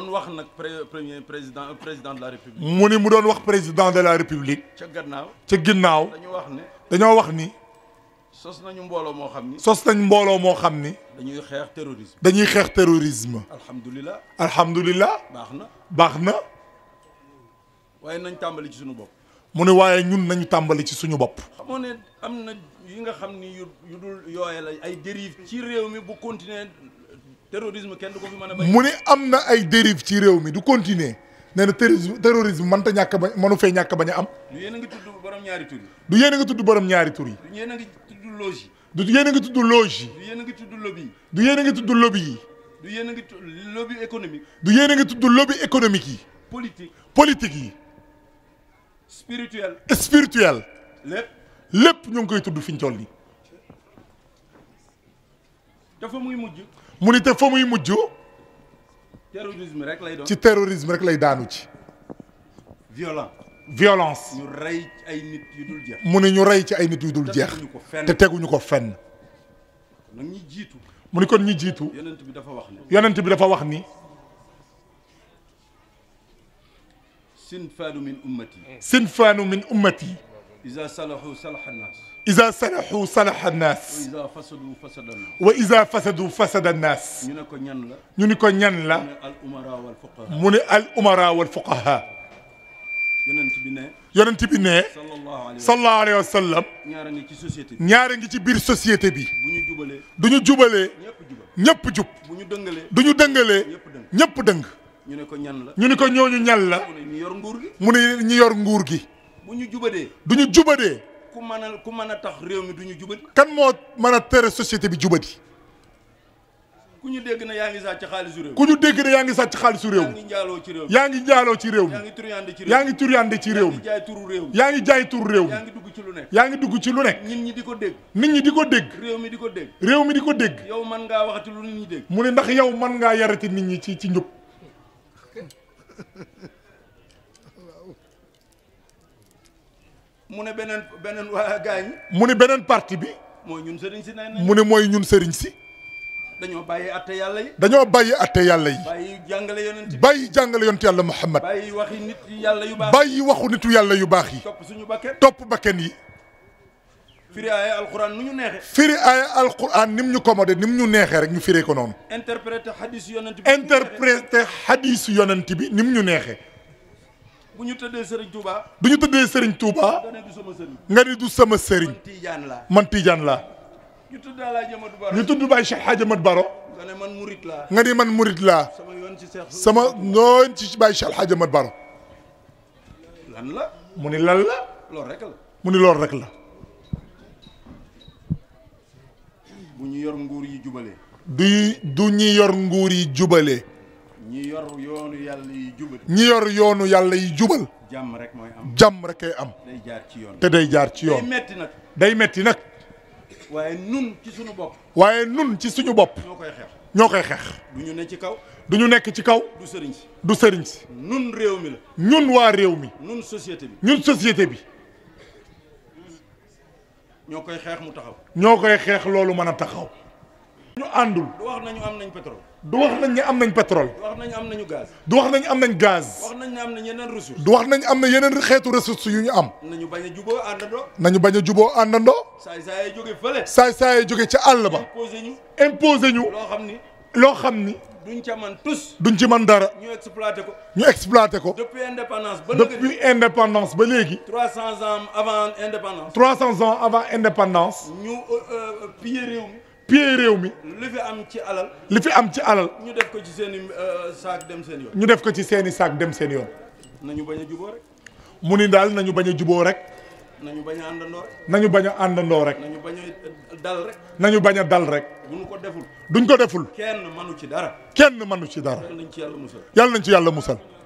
doon wax nag président euh, président de la mu ni mu doon wax président de la république. ca gannaaw ca ginnaaw. dañoo wax ni dañoo wax ni. sos nañu mbooloo moo xam ni. sos nañu mbooloo moo xam ni. dañuy xeex terrorisme. dañuy xeex terrorisme. alhamdulilah. alhamdulilah. baax na baax na. waaye nañ tàmbali ci suñu bopp. mu ne waaye ñun nañu tàmbali ci suñu bopp. xam ni yu yu terrorisme kenn ko fi mën a bañ mu ne am na ay dérive ci réew mi du continuer nee na terrorisme terrorisme mënta ñàkk ba mënu fee ñàkk bañ a am. du yéen ngi tudd borom ñaari tur yi. du yéen ngi tudd borom ñaari tur yi. du yéen a ngi tudd loge yi. du yéen a ngi tudd loge yi. du yéen a ngi tudd lobby yi. du yéen a ngi tudd lobby yi. du yéen a ngi tudd yi. politique politique yi. spirituel. spirituel. lépp lépp ñu ngi koy tudd fi ñu toll nii. mu ni te fa muy mujj. terrorisme rek lay doon ci terrorisme rek lay daanu ci. violence. violence. rey ay nit yu dul mu ni ñu rey ci ay nit yu dul jeex. te teguñu ko fenn. nag ñi jiitu. mu ni kon ñi jiitu. yonent bi dafa wax ni. yonent bi dafa wax ni. sinfaanu min ummati. sinfaanu min ummati. iza salahu salaha isa sanaxu sanaxa naas. wa isa fasadu fasada naas. ñu ne ko ñan la. ñu ne ko ñan la. mu ne al umara wal fuqaha. yonent bi ne. yonent bi ne. sallallahu alayhi wa sallam. ñaara ngi ci société bi. ñaara ngi ci biir société bi. bu ñu jubalee. du ñu jubalee. ñëpp jub. bu ñu dëngalee. du ñu dëngalee. ñëpp dëng. ñu ne ko ñan la. ñu ne ko ñooñu ñan la. mu ne ñi yor nguur gi. mu ne ñi yor nguur gi. bu ñu jubadee. du ñu jubadee. ku mën a ku mën a tax réew mi du ñu jubati. kan moo mën tere société bi jubati. ku ñu dégg na yaa ngi sàcc xaalisu réew mi. ku ñu dégg na yaa ngi sàcc xaalisu réew mi. yaa ngi njaaloo ci réew yaa ngi njaaloo ci réew mi. ngi turyande ci yaa ngi turyande ci réew mi. yaa ngi jaay turu réew mi yaa ngi jaay turu réew mi. ngi dugg ci lu yaa ngi dugg ci lu nekk. nit ñi di ko dégg. nit ñi di ko dégg. réew mi di ko dégg. réew mi di ko dégg. yow mën ngaa waxati lu nit ñi dégg. mu ni ndax yow man ngaa yarati nit ñi ci ci njub mu ne beneen beneen waa gaañ mu ne beneen parti bi. mooy ñun sëriñ si nee mu ne mooy ñun sëriñ si. dañoo bàyyi atte yàlla yi. dañoo bàyyi atte yàlla yi. jàngale yonent bàyyi jàngale yonent yàlla Muhammad. bàyyi waxi nit yàlla yu baax bàyyi waxu nitu yàlla yu baax yi. topp suñu bakken topp bakken yi. firi aaya alquran nu ñu neexee. firi aaya alquran nim ñu commodé nim ñu neexee rek ñu firee ko noonu. interpréter xadisu yonent bi. interpréter xadisu yonent bi nim ñu neexee. bu ñu tëddee Serigne Touba. bu ñu tëddee Serigne Touba. nga ne du sama Serigne. du sama Serigne. man Tidiane laa man Tidiane laa. ñu tudd Alaaji Amadu Baro. ñu tudd Baye Cheikh Baro. nga ne man Murit laa. man Murit laa. sama yoon ci Cheikh. sama yoon ci Baye Cheikh Hadj Baro. lan la. mu ni lan la. loolu rek mu ni loolu rek la. bu ñu yor nguur yi jubale du du yor nguur yi jubalee. ñi yor yoonu yàlla yi jubal. ñi yor yoonu yàlla yi jubal. jàmm rek mooy am jàmm rek kay am. day jaar ci yoon te day jaar ci yoon. day metti nag day metti nag. waaye nun ci suñu bopp. waaye nun ci suñu bopp. ñoo koy xeex ñoo koy xeex. du ñu ne ci kaw. du nekk ci kaw. du sëriñ si du sëriñ si. nun réew mi la. ñun waa réew mi. ñun société bi ñun société bi. ñoo koy xeex mu taxaw. ñoo koy xeex loolu mën a taxaw. ñu àndul. du wax nañu am nañ pétrole. du wax nañ ne am nañ pétrole. du wax nañ am nañu gaz. du wax nañ am nañ gaz. wax nañ ne am nañ yeneen ressources. du wax nañ am na yeneen xeetu ressources yu ñu am. nañu bañ a juboo àndandoo. nañu bañ a juboo àndandoo. saay saay jóge fële. saay saay jóge ca àll ba. imposé ñu. imposé ñu. loo xam ni. loo xam ni. duñ ca man tous. duñ ci man dara. ñu exploité ko. ñu exploité ko. depuis indépendance ba léegi depuis indépendance ba léegi. 300 ans avant indépendance. 300 ans avant indépendance. ñu euh, euh, pillé réew mi. piyee réew mi. li fi am ci alal. li fi am ci alal. ñu def ko ci seen i euh, saak dem seen yoon. ñu def ko ci seen saak dem seen yoon. nañu bañ a juboo mu ni daal nañu bañ a juboo rek. nañu bañ a àndandoo rek. nañu bañ a àndandoo rek. nañu bañ a euh, dal rek. bañ a dal rek. duñ ko deful. duñ ko deful. kenn mënu ci dara. kenn mënu ci dara. yàlla nañ ci yàlla musal. yàlla nañ ci yàlla musal.